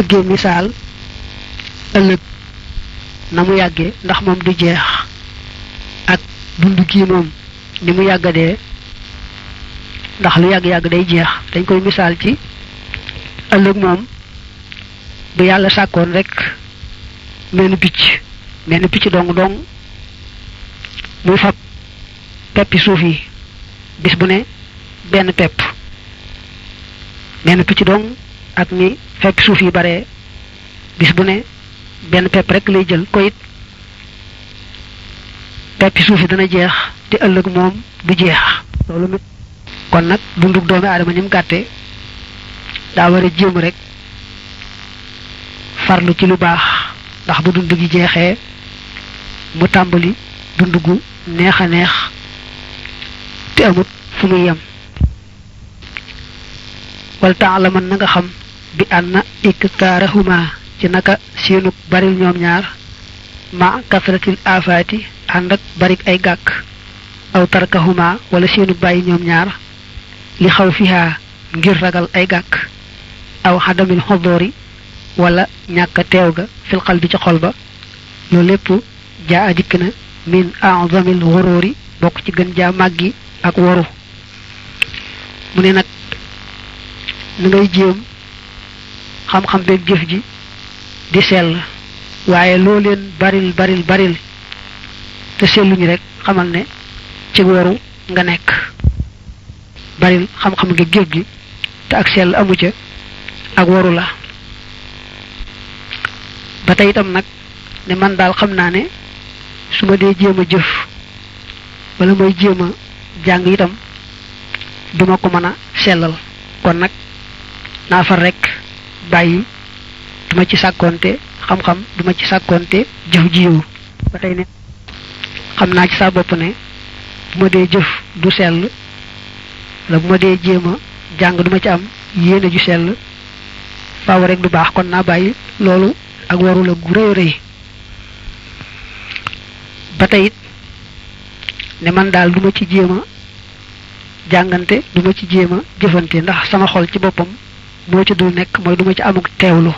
bëggee misaal ëllëg na mu yàggee ndax moom du jeex ak dund gii moom ni mu yàggadee ndax lu yàgg-yàgg day jeex dañ koy misaal ci ëllëg moom bu yàlla sàkkoon rek menn picc menn picc dong dong muy fab peppi suuf yi bis bu ne benn pepp menn picc dong ak ni fekk Sufi yi bare bis bu ne benn pepp rek lay jël ko it peppi suuf yi dana jeex te ëllëg moom du jeex loolu mit kon nag dundug doomi aadama ni mu gàtte daa war a rek farlu ci lu baax ndax bu dund gi jeexee mu tàmbali dund gu neex a neex te amut fu muy yem wal taalaman na nga xam bi anna iktarahuma ci naka seenu bari ñom ñaar ma kafratil afati andak barik bari ay gak aw tarkahuma wala seenu bayyi ñom ñaar li fiha ngir ragal ay gak aw hadamil hudhuri wala ñaka teew ga fil qalbi ci xol lo lepp jaa dikna min a'zamil ghururi bok ci gën ja maggi ak woru mune nak ngay jëm xam-xam beeg jëf ji di sell waaye loo leen baril baril baril te selluñu rek xamal ne ci waru nga nekk baril xam-xam ngi jëf gi te ak sell amu ca ak waru la ba te itam nag ne man daal xam naa ne su ma dee jéem a jëf wala mooy jéem a jàng itam duma ko mën a sellal kon nag naa rekk bàyyi du ma ci sàkkoonte xam-xam du ci sàkkoonte jëf jiwu ba tey ne xam naa ci saa bopp ne bu ma dee jëf du sell la bu ma dee jéem a jàng duma ci am yéene ju sell faaw rek du baax kon naa bàyyi loolu ak waru gu rëy rëy ba tey it ne man daal duma ci jéem a jàngante duma ci jéem a jëfante ndax sama xol ci boppam moo ci dul nekk mooy duma ci amuk teewlu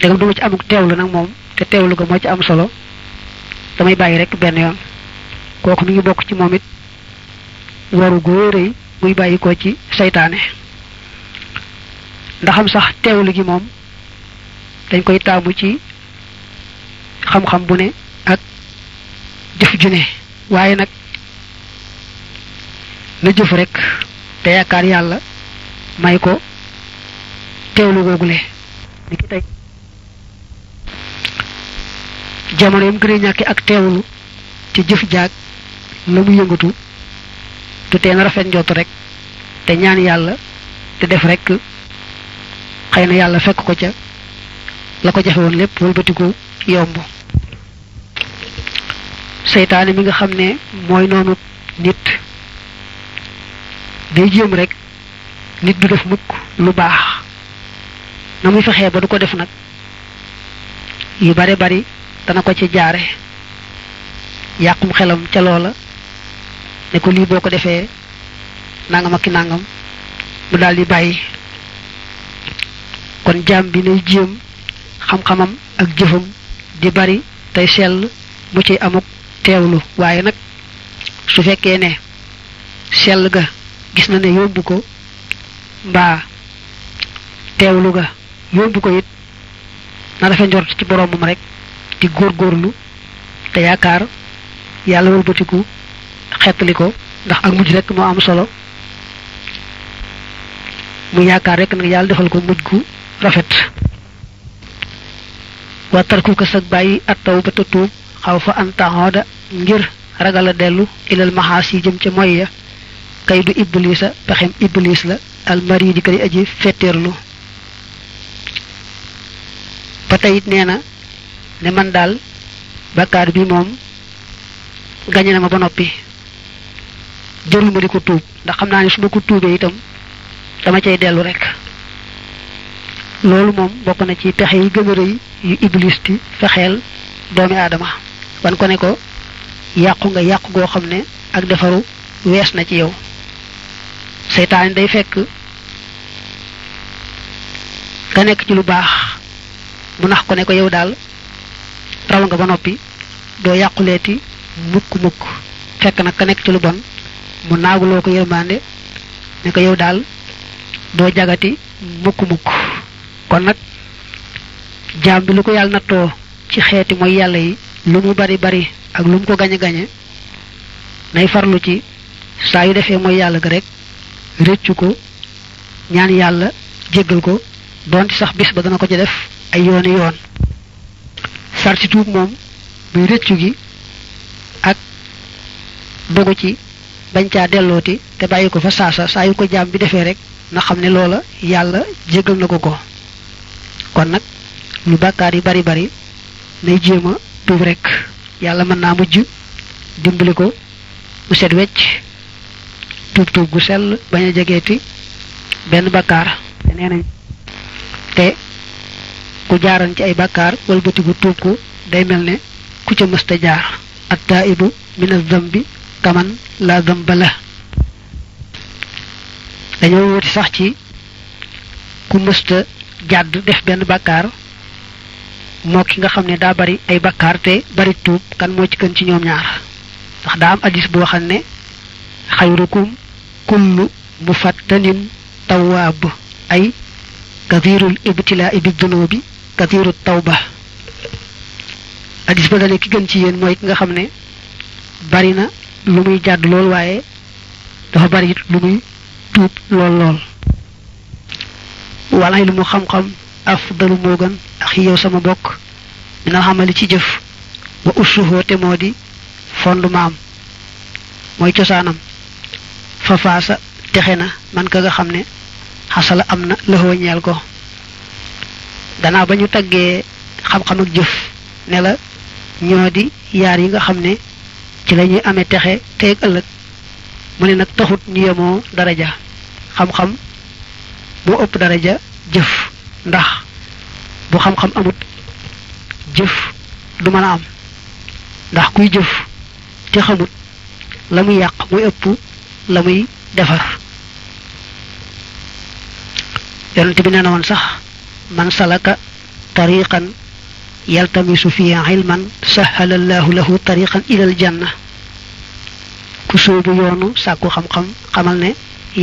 dégam duma ma ci amuk teewlu nag moom te teewlu ga moo ci am solo damay bàyyi rek benn yoon kooku mu ngi bokk ci moom it waru góorëy muy bàyyi ko ci seytaane ndaxam sax teewlu gi moom dañ koy taamu ci xam-xam bu ne ak jëf ju ne waaye nag na jëf rek te yaakaar yàlla may ko teewlu googule jamono yam gën a ñàkke ak teewlu ci jëf jaag la mu yëngatu du teen rafet njott rek te ñaan yàlla te def rekk xëy na yàlla fekk ko ca la ko jafe woon lépp wëlbatiku yomb seytaane mi nga xam ne mooy noonu nit day jéem rek nit du def mukk lu baax na muy fexee ba du ko def nag yu bare bari dana ko ci jaare yàqum xelam ca loola ne ko lii boo ko defee nangam ak ki nangam mu daal di bàyyi kon jaam bi nay jéem xam-xamam ak jëfam di bari tey sell mu ci amuk teewlu waaye nag su fekkee ne sell ga gis na ne yóbbu ko mbaa teewlu ga yóbbu ko it na dafa njort ci boroomam rek di góor góorgóorlu te yaakaar yàlla wëlbatiku xettali ko ndax ak mujj rek moo am solo mu yaakaar rek nag yàlla defal ko mujj gu rafet wa tarkuka sag bàyyi at taw ba tëtuub xaw fa an taxooda ngir ragal a dellu ilal maxaas yi jëm ca moy ya kay du iblisa pexem iblis la di almaridi kay aji fetteerlu ba tey it nee na ne man daal bakkaar bi moom gañe na ma ba noppi jërul ma di ko tuub ndax xam naa ne su ma ko tuubee itam dama cay dellu rek loolu moom bokk na ci pexe yi gën a yu iblis di fexeel doomi aadama wan ko ne ko yàqu nga yàq goo xam ne ak defaru wees na ci yow seytaane day fekk ka nekk ci lu baax mu nax ko ne ko yow daal raw nga ba noppi doo yàquleeti mukk mukk fekk nag ka nekk ci lu bon mu naaguloo ko yërmande ne ko yow daal doo jagati mukk mukk kon nag jaam bi lu ko yàlla na too ci xeeti mooy yàlla yi lu mu bari bari ak lu mu ko gañe gañe nay farlu ci saa yu defee mooy yàlla ga rek reccu ko ñaan yàlla jéggal ko doon sax bis ba dana ko ci def ay yooni yoon sarti tuub moom muy reccu gi ak dogu ci bañ caa dellooti te bàyyi ko fa saasa saa yu ko jaam bi defee rek na xam ne loola yàlla ko kon nag lu bàkkaar yi bari bari nay jéema tuub rek yàlla mën naa mujj dimbali ko set wecc tuub tuub gu sell bañ a jegeeti benn bakkaar te ku jaaran ci ay bakkaar walbatiku tuub ko day mel ne ku ca mësta jaar at taibu min az-zambi kaman la zamba la dañoo wuti sax ci ku mësta jàdd def benn bakkaar moo ki nga xam ne daa bari ay bakkaar te bari tuub kan moo ci kën ci ñoom ñaar ndax daa am addis boo xam ne xayrukum kullu mufattanin tawaab ay kathirul ibtilaa'i bi dunuubi taw tawba addis ba dane ki gën ci yéen mooy ki nga xam ne bari na lu muy jàdd lool waaye dafa bari it lu muy tuub lool lool walaay lu mu xam-xam afdalu moo gën ak yow sama bokk minal xamali ci jëf wa ussuhoo te moo di fondement am mooy cosaanam fafaasa texe na man ka nga xam ne xasala am na lëxoo ko danaa ba ñu taggee xam-xam ak jëf ne la ñoo di yaar yi nga xam ne ci la ñuy amee texe teeg ëllëg mu ne nag taxut ñu yemoo daraja xam-xam moo ëpp daraja jëf ndax bu xam-xam amut jëf du man a am ndax kuy jëf te xamut la muy yàq muy ëpp la muy defar yonent bi nee na woon sax man salaka tariqan yaltamisu fihi ilman sahala llaahu lahu tariqan ilal janna ku yoonu sàkku xam-xam xamal ne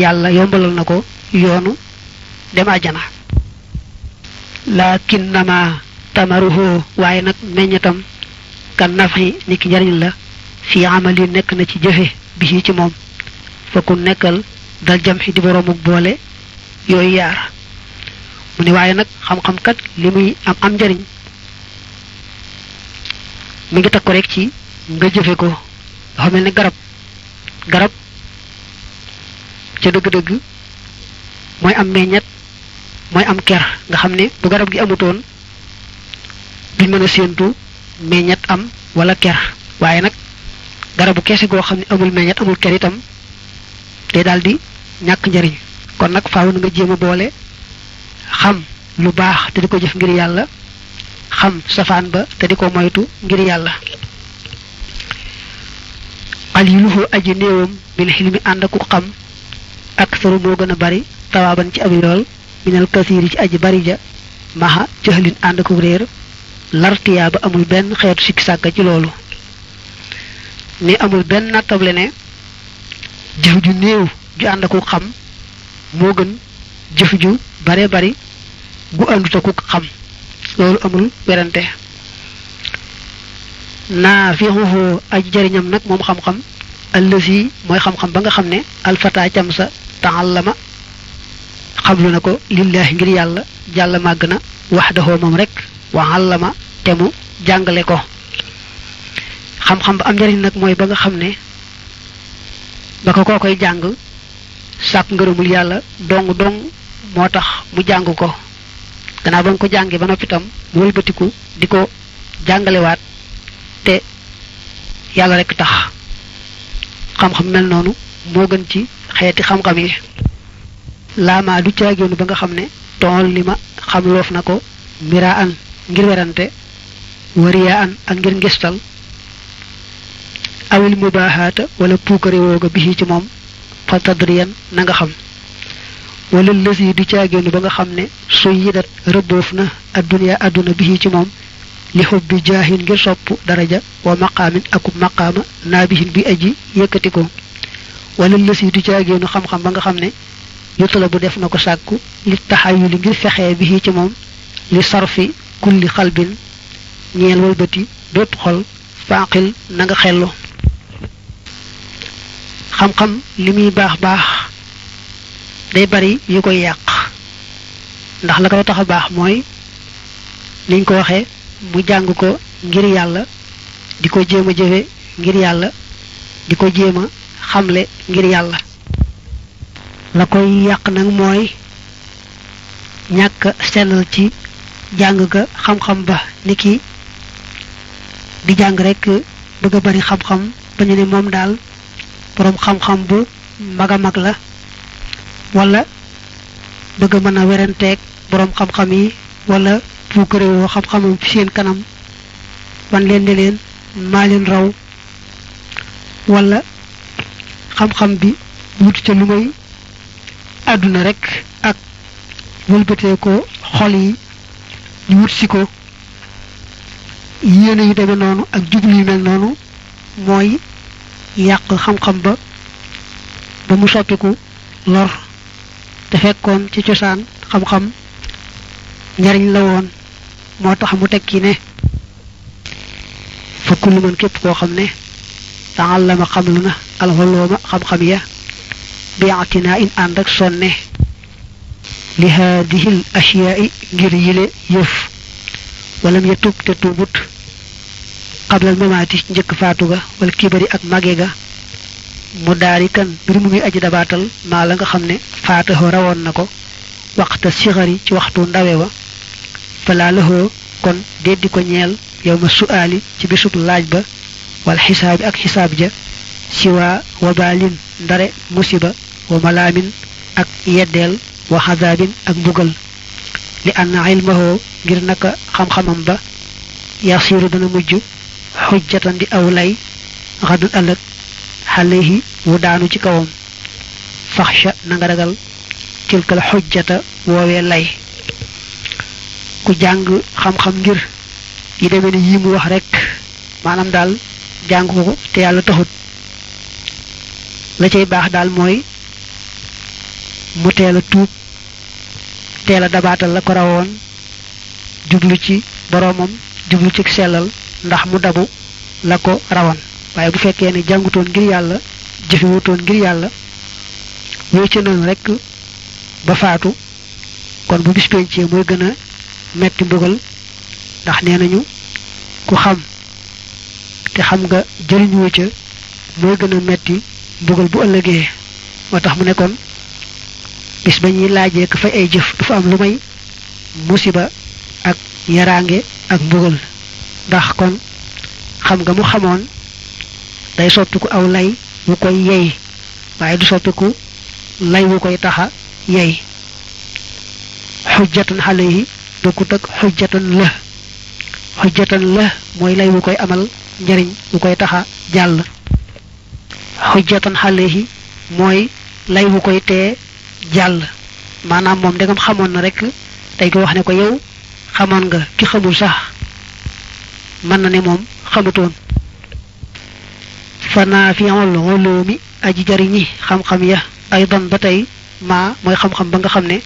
yàlla yombalal na ko yoonu dem àjjana laakin nama tamaruhu waaye nag meññatam kan nafi ni ki njariñ la fii amali nekk na ci jëfe bi ci moom fa ku nekkal dal jamxi di boroomu boole yooyu yaar mu ne waaye nag xam-xam kat li muy am am njariñ mu ngi takk ko rekk ci nga jëfe ko dafa mel ne garab garab ca dëgg-dëgg mooy am meññet mooy am ker nga xam ne bu garab gi amutoon duñ mën a séentu meññet am walla ker waaye nag garabu kese goo xam ne amul meññet amul ker itam te daldi ñak njariñ kon nak faaw nga jema boole xam lu baax te diko ko jëf ngir yalla xam safaan ba te diko moytu ngir yalla qaliluhu aji bil hilmi andaku xam bari tawaban ci abi yool minal ci aji bari ja maha jahlin andaku reer lartiya ba amul ben xeetu sikki sàkka ci loolu ni amul ben ne jëf ju néew ju ànd akuk xam moo gën jëf ju bare bari gu àndut akuk xam loolu amul werante naa fi xuxu aji jariñam nag moom xam-xam allësi mooy xam-xam ba nga xam ne alfata cam sa xam xamlu na ko lillaahi ngir yàlla jàll màgg na waxdahu moom rek wa allama te mu jàngale ko xam-xam ba am njariñ nag mooy ba nga xam ne naka koo koy jàng sàkk ngërëmul yàlla dong dong moo tax mu jàng ko gannaaw ba mu ko jàngee ba noppi tam mu wëlbatiku di ko jàngalewaat te yàlla rekk tax xam-xam mel noonu moo gën ci xeeti xam-xam yi laamaa du caagéenu ba nga xam ne tool li ma xam loof na ko miraa an ngir werante wariyaa an ak ngir ngistal awil mubaahaata wala puukare woo nga bisi ci moom fa tadriyan na nga xam wala lësi du caageenu ba nga xam ne su yidat rëbboof na adduna bi bisi ci moom li xub bi jaahin ngir sopp daraja wa maqaamin akub maqaama naa bi aji yëkkati ko wala lësi du caageenu xam-xam ba nga xam ne yutala bu def na ko sàkku li taxayuli ngir bi bisi ci moom li sarfi kulli xalbin ñeel walbati bépp xol faaqil na nga xellu xam-xam li muy baax baax day bari yu ko yàq ndax la ko tax a baax mooy niñ ko waxe mu jàng ko ngir yàlla di ko jéem a jëfe ngir yàlla di ko jéem a xamle ngir yàlla la koy yàq nag mooy ñàkk sellal ci jàng ga xam-xam ba ni ki di jàng rekk bëgg bari xam-xam ba ñu ne moom daal boroom xam-xam bu mag a mag la wala bëgg a mën a weranteeg boroom xam-xam yi walla bu këréwoo xam-xamam fi seen kanam wan leen leen maa raw wala xam-xam bi wut ca lu may àdduna rekk ak wëlbatee ko xol yi ñu wut si ko yéene yu demee noonu ak jublu yu mel noonu mooy yàq xam-xam ba ba mu soppiku lor te fekkoon ci cosaan xam-xam njariñ la woon moo tax mu tekki ne fa kullu man képp koo xam ne taallama xamlu na alxolooma xam-xam ya bi atinaa ànd ak sonne li haadihi al ashiyaai ngir yile yëf walam ya tub te tuubut qabla al mamaati ci njëkk faatu ga wala kibari ak mage ga mu daari kan mbir mu ngi aji dabaatal maa la nga xam ne faataxoo rawoon na ko waxta sixari ci waxtu ndawe wa falaa laxoo kon deddi ko ñeel yow ma su'aali ci bisub laaj ba wal xisaabi ak xisaab ja siwa wabaalin ndare musiba wa malaamin ak yeddeel wa xazaabin ak mbugal li anna ilmahoo ngir naka xam-xamam ba yasiru dana mujj xujjatan di aw lay xadul ëllëg xalehi wu daanu ci kawam faxsha na ragal tilkal xujjata woowee lay ku jàng xam-xam ngir yi demee ni yi mu wax rekk maanaam daal jàng ko te yàlla taxut la cay baax daal mooy mu teel a tuub teel a dabaatal la ko rawoon jublu ci boroomam jublu ci sellal ndax mu dabu la ko rawan waaye bu fekkee ne jàngutoon ngir yàlla jëfewutoon ngir yàlla wéy ca noonu rekk ba faatu kon bu bis pencee mooy gën a metti mbugal ndax nee nañu ku xam te xam nga jëriñu ca mooy gën a metti mbugal bu ëllëgee moo tax mu nekkoon bis ba ñuy laajee ka fay ay jëf dafa am lu may musiba ak yaraange ak mbugal ndax kon xam nga mu xamoon day soppiku aw lay wu koy yey waaye du soppiku lay wu koy taxa yey xujjatan alayhi bokkut ak xujjatan la xujjatan la mooy lay wu koy amal njariñ wu koy taxa jàll xujjatan alayhi mooy lay wu koy tee jàll maanaam moom ndegam xamoon na rek dañ ko wax ne ko yow xamoon nga ki xamul sax mën na ne moom xamutoon fa naafiul ulumi aji jariñi xam-xam ya aydan ba tey maa mooy xam-xam ba nga xam ne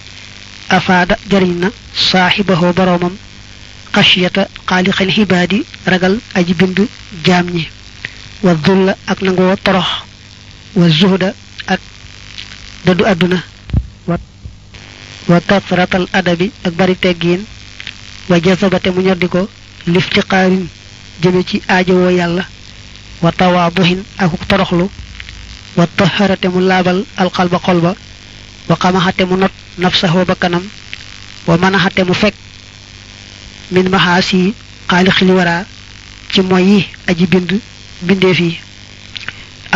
afaada jariñ na saaxibahoo boroomam xasiyata xaalixal xibaadi ragal aji bind jaam ñi wa dulla ak nangoo torox wa zuhda ak dëddu àdduna wa kasratal adabi ak bari teggiin wa jazabate mu ñor ko liftixaarin jëme ci aajowoo yàlla wa tawaaduhin akuk toroxlu wa taharate mu laabal alxalba xol ba wa xamaxate mu not nafsaxoo bakkanam wa manaxate mu fekk min maxaasi xaalix li waraa ci moy yi aji bind bindeef yi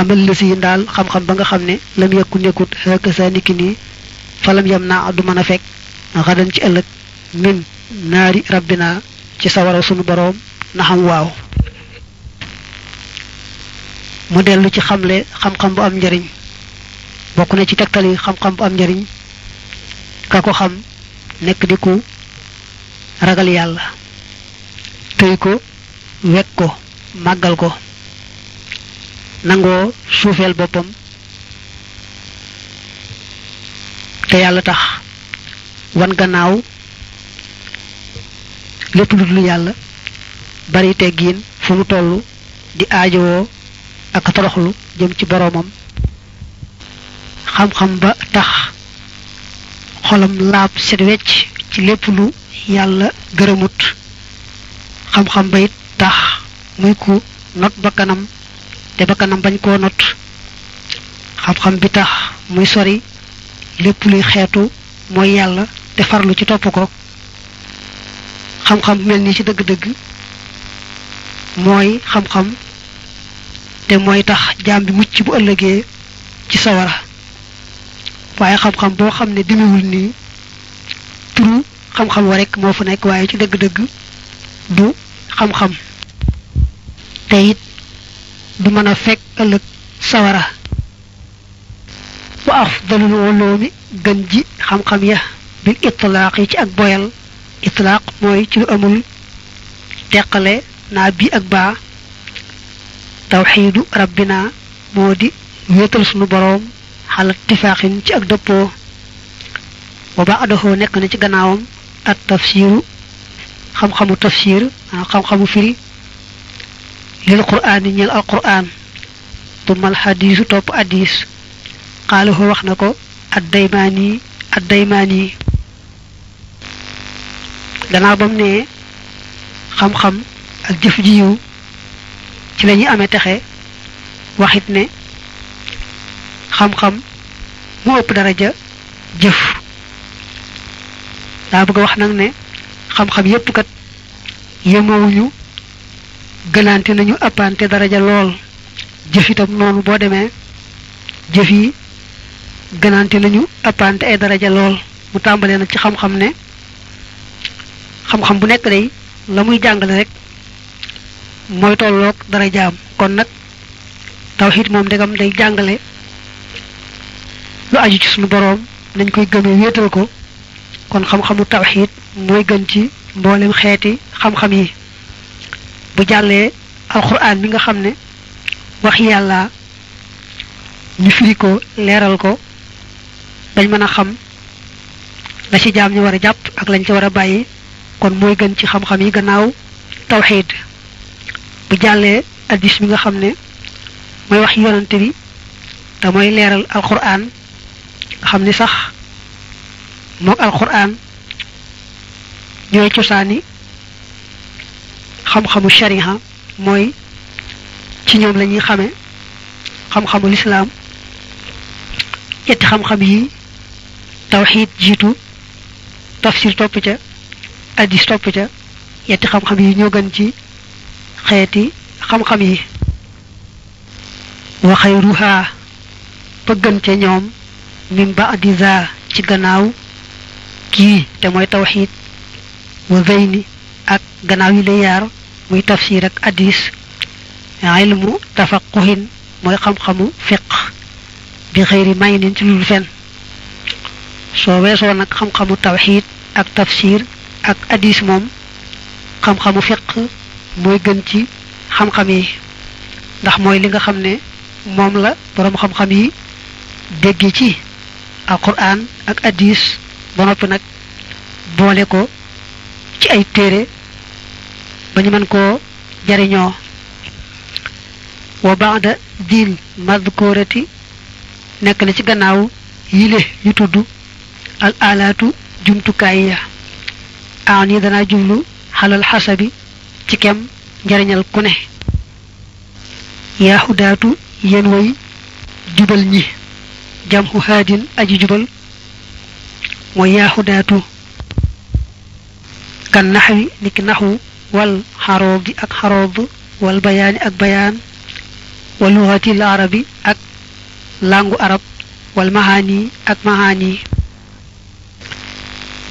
amal lësi yi ndaal xam-xam ba nga xam ne lam yëkku nekkut xëkkasaa niki nii falam yam naa du mën a fekk xadan ci ëllëg min naari rabbinaa ci sawara sunu boroom na waaw mu dellu ci xamle xam-xam bu am njariñ bokk na ci tegtali xam-xam bu am njariñ ka ko xam nekk di ku ragal yàlla tey ko wekk ko màggal ko nangoo suufeel boppam te yàlla tax wan gannaaw lépp lu dul yàlla bari teggiin fu mu toll di aajowoo ak toroxlu jëm ci boroomam xam-xam ba tax xolam laab set wecc ci lépp lu yàlla gërëmut xam-xam ba it tax muy ku not bakkanam te bakkanam bañ koo not xam-xam bi tax muy sori lépp luy xeetu mooy yàlla te farlu ci topp ko xam-xam mel nii ci dëgg-dëgg mooy xam-xam te mooy tax jaam bi mucc bu ëllëgee ci sawara waaye xam-xam boo xam ne demewul nii turu xam-xam wa rekk moo fa nekk waaye ci dëgg-dëgg du xam-xam te it du mën a fekk ëllëg sawara wa afdalul ulumi gën ji xam-xam ya bil itlaaq yi ci ak boyal itlaaq mooy ci lu amul teqale naa bi ak baa tawxiidu rabbina moo di wéetal sunu boroom xalaat tifaaxin ci ak dëppoo wa baadahu nekk na ci gannaawam at tafsiru xam-xamu tafsir xam-xamu firi lil quraan yi ñeel al quraan tumal xadiisu topp addis xaalahu wax na ko ad daymaan yi ad daymaan yi gannaaw ba mu nee xam-xam ak jëf ji yiw ci lañuy amee texe waxit ne xam-xam mu ëpp daraja jëf daa bëgg a wax nag ne xam-xam yépp kat yemowuñu gënaante nañu appante daraja lool jëf itam noonu boo demee jëf yi gënaante nañu appante ay daraja lool mu tàmbalee nag ci xam-xam ne xam-xam bu nekk day la muy jàngale rek mooy tolloog dara jaam kon nag tawxiid moom ndegam day jàngale lu aju ci suñu boroom nañ koy gëmee wéetal ko kon xam-xamu tawxiid mooy gën ci mboolem xeeti xam-xam yi bu jàllee alxuraan mi nga xam ne wax yàlla ñu firi ko leeral ko dañ mën a xam la ci jaam ñu war a jàpp ak lañ ci war a bàyyi kon mooy gën ci xam-xam yi gannaaw tawxiid bu jàllee addis bi nga xam ne mooy wax yonante bi damooy leeral alquran nga xam ni sax moog alquran ñooy cosaani xam-xamu shariha mooy ci ñoom la ñuy xam-xamu lislaam yetti xam-xam yi tawxiid jiitu tafsir topp addis topp ca yetti xam-xam yi ñoo gën ci xeeti xam-xam yi wa xayruha bëggan ca ñoom min baadiza ci gannaaw kii te mooy tawxiit wa zeyni ak gannaaw yi la yaar muy tafsir ak addis ilmu tafaquhin mooy xam-xamu fiq bi xëyri may nin ci lulu fen soo weesoo nag xam-xamu tawxiid ak tafsir ak hadis moom xam-xamu fiq mooy gën ci xam-xam yi ndax mooy li nga xam ne moom la boroom xam-xam yi dégg ci alquran ak hadis ba nag boole ko ci ay téere bañu ñu mën koo jariñoo wa baada diin madkurati nekk na ci gannaaw yile yu tudd al alaatu jumtukaay ya ani dana jublu xalal xasabi ci kem njariñal ku ne yaaxu daatu yéen way jubal ñi jamhu haadin aji jubal mooy yaaxu daatu kan naxwi niki naxu wal xaroobi ak xaroob wal bayaani ak bayaan wal luxati arabi ak langu arab wal mahaani ak mahaani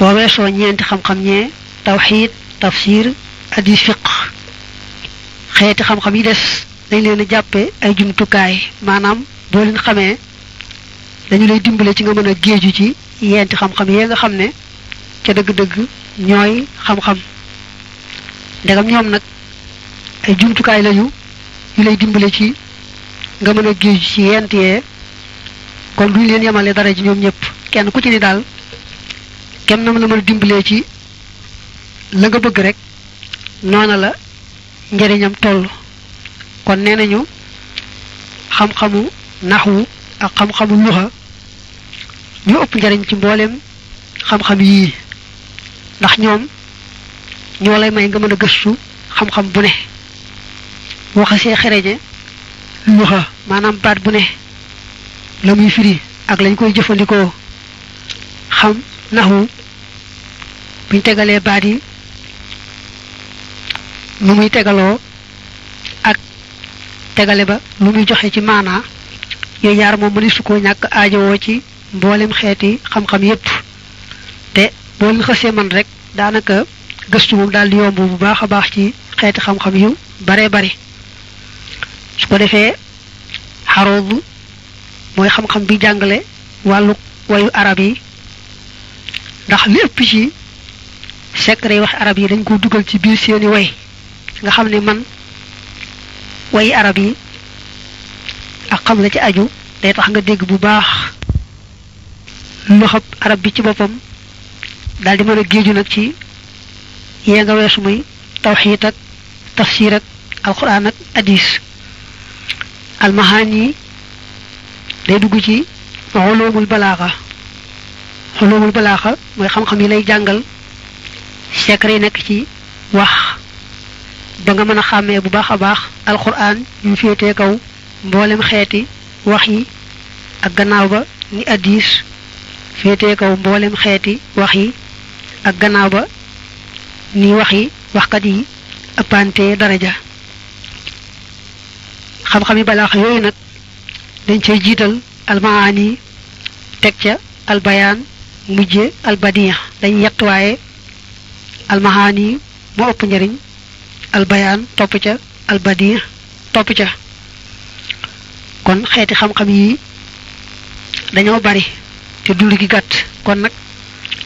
boo weesoo ñeenti xam-xam ñee tawxiid tafsir hadis fiq xeeti xam-xam yi des dañ leen a ay jumtukaay maanaam boo leen xamee dañu lay dimbale ci nga mën a géeju ci yeenti xam-xam nga xam ne ca dëgg-dëgg ñooy xam-xam ndegam nag ay jumtukaay lañu yu lay dimbale ci nga mën a géeju ci yent yee kon duñu leen yemale dara ji ñoom ñëpp kenn ku ci ni daal kenn nam la mën a dimbalee ci la nga bëgg rek noona la njëriñam toll kon nee nañu xam-xamu naxwu ak xam-xamu luxa ñoo ëpp njëriñ ci mbooleem xam-xam yii ndax ñoom ñoo lay may nga mën a gëstu xam-xam bu ne waxasee xereñe luxa maanaam baat bu ne la muy firi ak lañ koy jëfandikoo xam naxu buñ tegalee baat yi nu muy tegaloo ak tegale ba lu muy joxe ci maanaa yooyu ñaar moom mëni su ko ñàkk aajowoo ci mboolem xeeti xam-xam yépp te boo leen man rek daanaka gëstu moom daal di bu baax a baax ci xeeti xam-xam yu baree bari su ko defee xaroobu mooy xam-xam bi jàngale wàllu wayu arab yi ndax lépp ci secret wax arab yi dañ ko dugal ci biir seeni way nga xam ne man wayi arab yi ak xam la ci aju day tax nga dégg bu baax loxob arab bi ci boppam daal di mën a géeju nag ci yee nga weesu muy tawxiit ak tafsir ak alquran ak hadis almahaan yi day dugg ci ulumul balaaxa ulumul balaaxa moy xam-xam yi lay jàngal secret nek ci wax da nga mën xamé bu baax baax alquran ñu fété kaw mbolem xéti wax yi ak gannaaw ba ni hadith fété kaw mbolem xéti wax yi ak gannaaw ba ni wax yi kat yi apanté daraja xam yi balaaxa yoy nak dañ cey jital almaani teg ca mujjé al badiya dañ yett wayé al mahani mo upp ñariñ al bayan top ca al badiya top ca kon xéti xam xam yi dañoo bari te dul gi gatt kon nak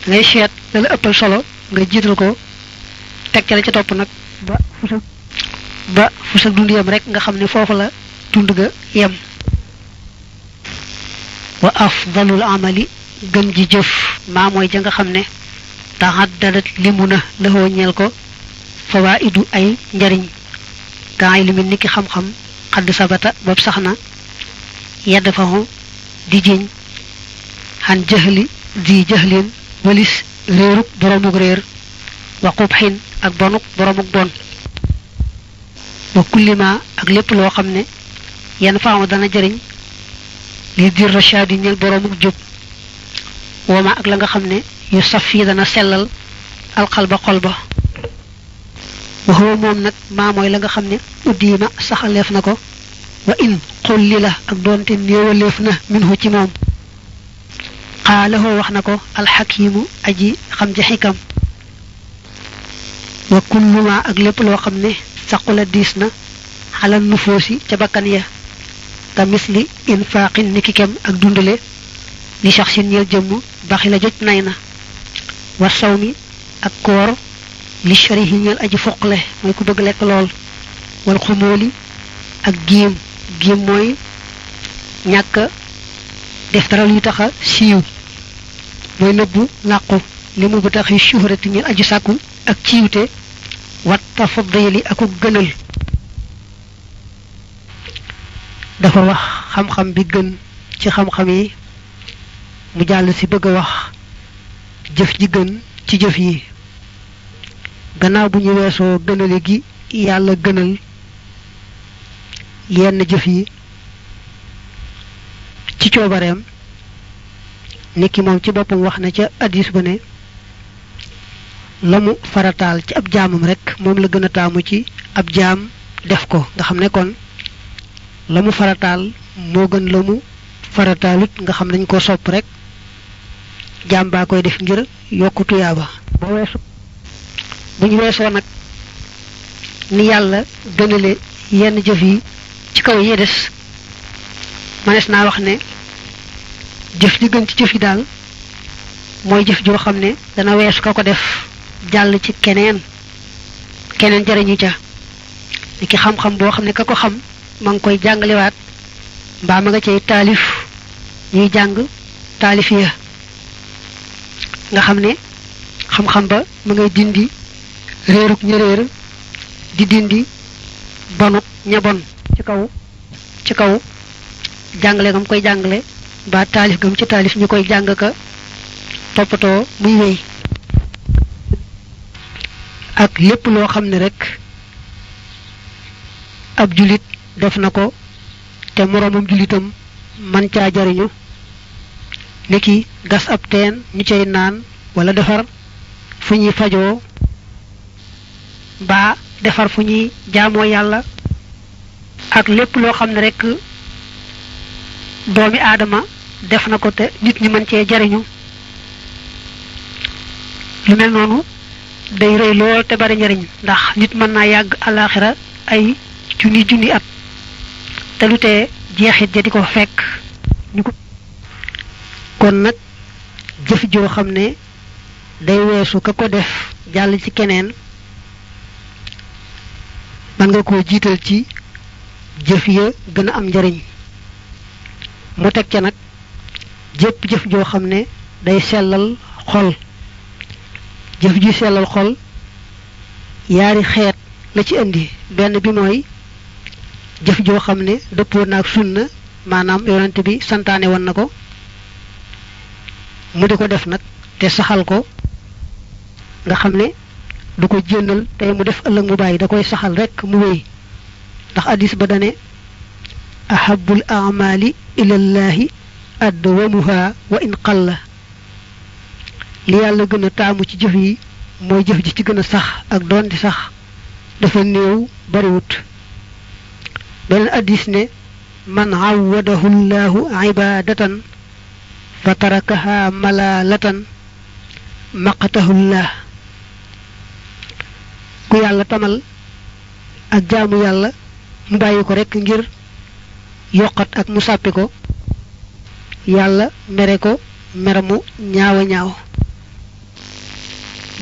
ngay xéet da la ëppal solo nga jittal ko tek ca la ca top nak ba fusa ba fusa dund yam rek nga xamni fofu la dund ga yam wa afdalul amali gën ji jëf maa mooy ja xam ne tahaddadat limu na lëxoo ñeel ko fawaidu ay njariñ kaa ilmi ni ki xam-xam xadd sabata boobu sax na yedd faxu di jiñ xan jëxli di jëxlin walis réeruk boromuk réer waqub xin ak bonuk boromuk bon wa kullima ak lépp loo xam ne yenn faxu dana jëriñ li dir rashaadi ñeel boromuk jub وما أقل لغا خمنا يصفي دانا سلل القلب قلبا وهو مومنك ما موي لغا خمنا وديما سخلفنكو وإن قل للا أقدون تنيو لفنا منه تموم قاله وحنكو الحكيم أجي خمج حكم وكل ما أقلب لغا خمنا تقول ديسنا على النفوس تبقى نيا كمثل إنفاق نكيكم أقدون دليل li sax si ñeel jëmm baxi la joj nay na war saw mi ak koor li shari yi ñeel aji foqle mooy ku bëgg lekk lool wal xumóoli ak géem géem mooy ñàkk def dara luy tax a siiw mooy nëbbu làqu li mu bu tax yi shuhrati ñeel aji sàkku ak ciiwte wat tafaddili ak ko gënal dafa wax xam-xam bi gën ci xam-xam yi mu jàll si bëgg a wax jëf ji gën ci jëf yi gannaaw bu ñu weesoo gënale gi yàlla gënal yenn jëf yi ci coobareem ki moom ci boppam wax na ca addis ba ne la mu farataal ci ab jaamam rekk moom la gën a taamu ci ab jaam def ko nga xam ne kon la mu farataal moo gën la mu farataalut nga xam nañ koo sopp rek jàmbaa koy def ngir yokk tuyaaba ba weesu bu ñu weesoo nag ni yàlla gënale yenn jëf yi ci kaw yi des naa wax ne jëf ji gën ci jëf yi daal mooy jëf joo xam ne dana wees ka ko def jàll ci keneen keneen jariñu ca ni ki xam-xam boo xam ne ka ko xam ma ngi koy jàngalewaat mbaa ma nga cay taalif ñuy jàng taalif ya nga xam ne xam-xam ba mu ngay dindi réeruk ña di dindi bonuk ña bon ci kaw ci kaw jàngale nga mu koy jàngale ba taalif gam ci taalif ñu koy jàng ka toppatoo muy wéy ak lépp loo xam ne rekk ab julit def na ko te moroomam julitam man caa jariñu ne ki gas ab teen ñu cay naan wala defar fu ñuy fajoo ba defar fu ñuy jaamoo yàlla ak lépp loo xam ne rekk doomi aadama def na ko te nit ñi mën cee jariñu lu mel noonu day rëy lool te bari njariñ ndax nit mën naa yàgg àllaaxira ay junni junni at te lu te jeexit ja di ko fekk kon nag jëf joo xam ne day weesu ka ko def jàll ci keneen man nga koo jiital ci jëf ya gën a am njariñ mu teg ca nag jëpp jëf joo xam ne day sellal xol jëf ji sellal xol yaari xeet la ci indi benn bi mooy jëf joo xam ne dëppoo ak sunna maanaam yonent bi santaane woon na ko mu di ko def nag te saxal ko nga xam ne du ko jénnal tey mu def ëllëg mu bàyyi da koy saxal rek mu wéy ndax addis ba dane ahabul amali ilallaahi adwamuha wa in qalla li yàlla gën a taamu ci jëf yi mooy jëf ji ci gën a sax ak doon sax dafa néew bariwut beneen addis ne man awadahu llahu fa tarakaha malalatan maqatahullah ku yàlla tamal ak jaamu yàlla mu bàyyi ko rekk ngir yokkat ak mu sàppi ko yàlla mere ko mere mu ñaawa ñaaw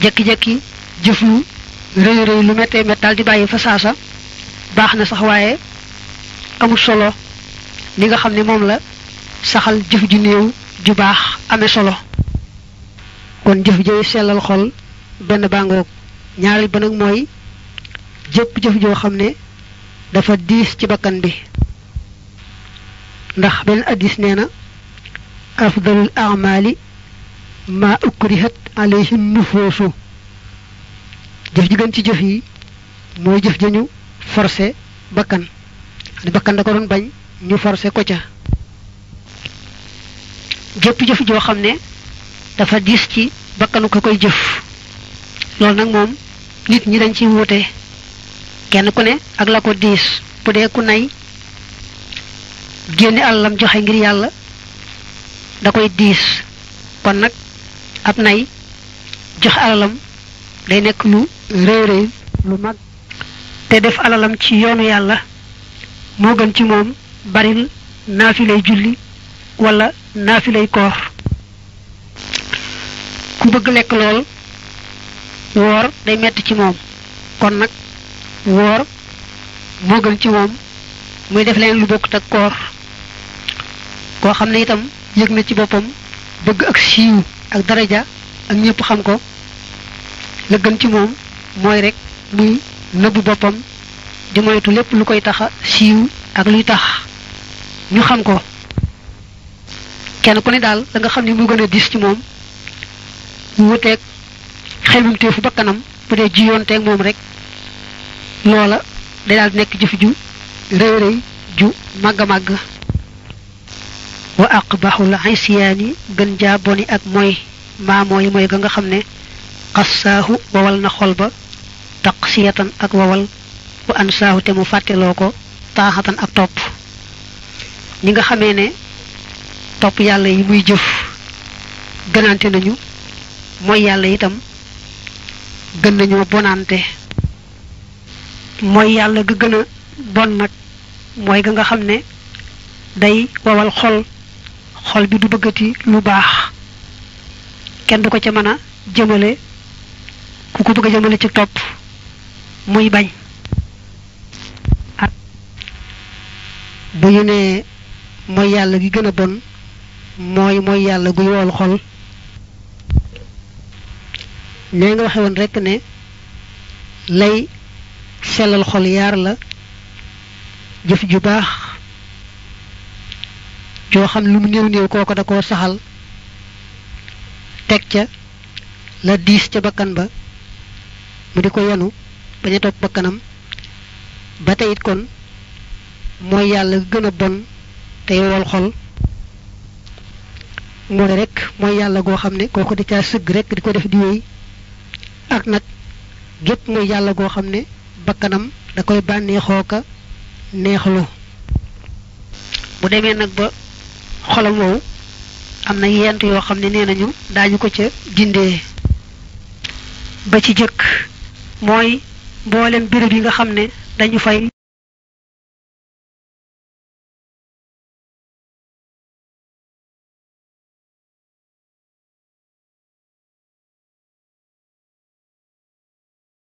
jekki-jekki jëf lu rëy rëy lu méttee mét di bàyyi fa saasa baax na sax waaye amul solo li nga xam ne moom la saxal jëf ju néew ju baax amee solo kon jëf jooy sellal xol benn bàngoog ñaareel ba nag mooy jëpp jëf joo xam ne dafa diis ci bakkan bi ndax benn addis nee na afdalul amali ma ukrihat alayhi nufoosu jëf ji gën ci jëf yi mooy jëf ja ñu forcé bakkan ne bakkan da ko doon bañ ñu forcé ko ca jëpp jëf joo xam ne dafa diis ci bakkanu ko koy jëf loolu nag moom nit ñi dañ ci wuute kenn ku ne ak la ko diis bu dee ku nay génne àllam joxe ngir yàlla da koy diis kon nag ab nay jox alalam day nekk lu réy réy lu mag te def alalam ci yoonu yàlla moo gën ci moom baril naafilay julli wala naa naafilay koor ku bëgg lekk lool woor day metti ci moom kon nag woor moo gën ci moom mooy def leen lu bokkut ak koor koo xam ne itam yëg na ci boppam bëgg ak siiw ak daraja ak ñëpp xam ko la gën ci moom mooy rekk muy nëbbu boppam di moytu lépp lu koy taxa siiw ak luy tax ñu xam ko kenn ku ne daal la nga xam ne mu gën a diis ci moom mu wuteeg xel mum téefu bakkanam bu dee jiyoonteeg moom rek loola day daal nekk jëf ju rëy rëy ju màgg a màgg wa aqbahul isyaani gën jaa boni ak mooy maa mooy mooy ga nga xam ne xassaahu wawal na xol ba ci taqsiyatan ak wawal wa ansaahu te mu fàtteloo ko taaxatan ak topp ñi nga xamee ne top yalla yi muy jëf gënanté nañu moy yalla itam gën nañu bonante moy yalla ga gëna bon nak moy ga nga xamné day wawal xol xol bi du bëggati lu baax kenn du ko ci mëna jëmele ku ko bëgg a ci top muy bañ bu ñu né moy yalla gi gëna bon mooy mooy yàlla guy wool xol nee nga waxe woon rekk ne lay sellal xol yaar la jëf ju baax joo xam lu mu néew néew kooko da koo saxal teg ca la diis ca bakkan ba mu di ko yenu bañ a bakkanam ba tey kon mooy yàlla gën a bon tey wol xol ngoone rek mooy yàlla goo xam ne kooku da caa sëgg rekk di ko def di wéy ak nag gépp mooy yàlla goo xam ne bakkanam da koy bànneexoo ka neexlu bu demee nag ba xolam woowu am na yent yoo xam ne nee nañu daañu ko ca dindee ba ci jëkk mooy mboolem béréb yi nga xam ne dañu fay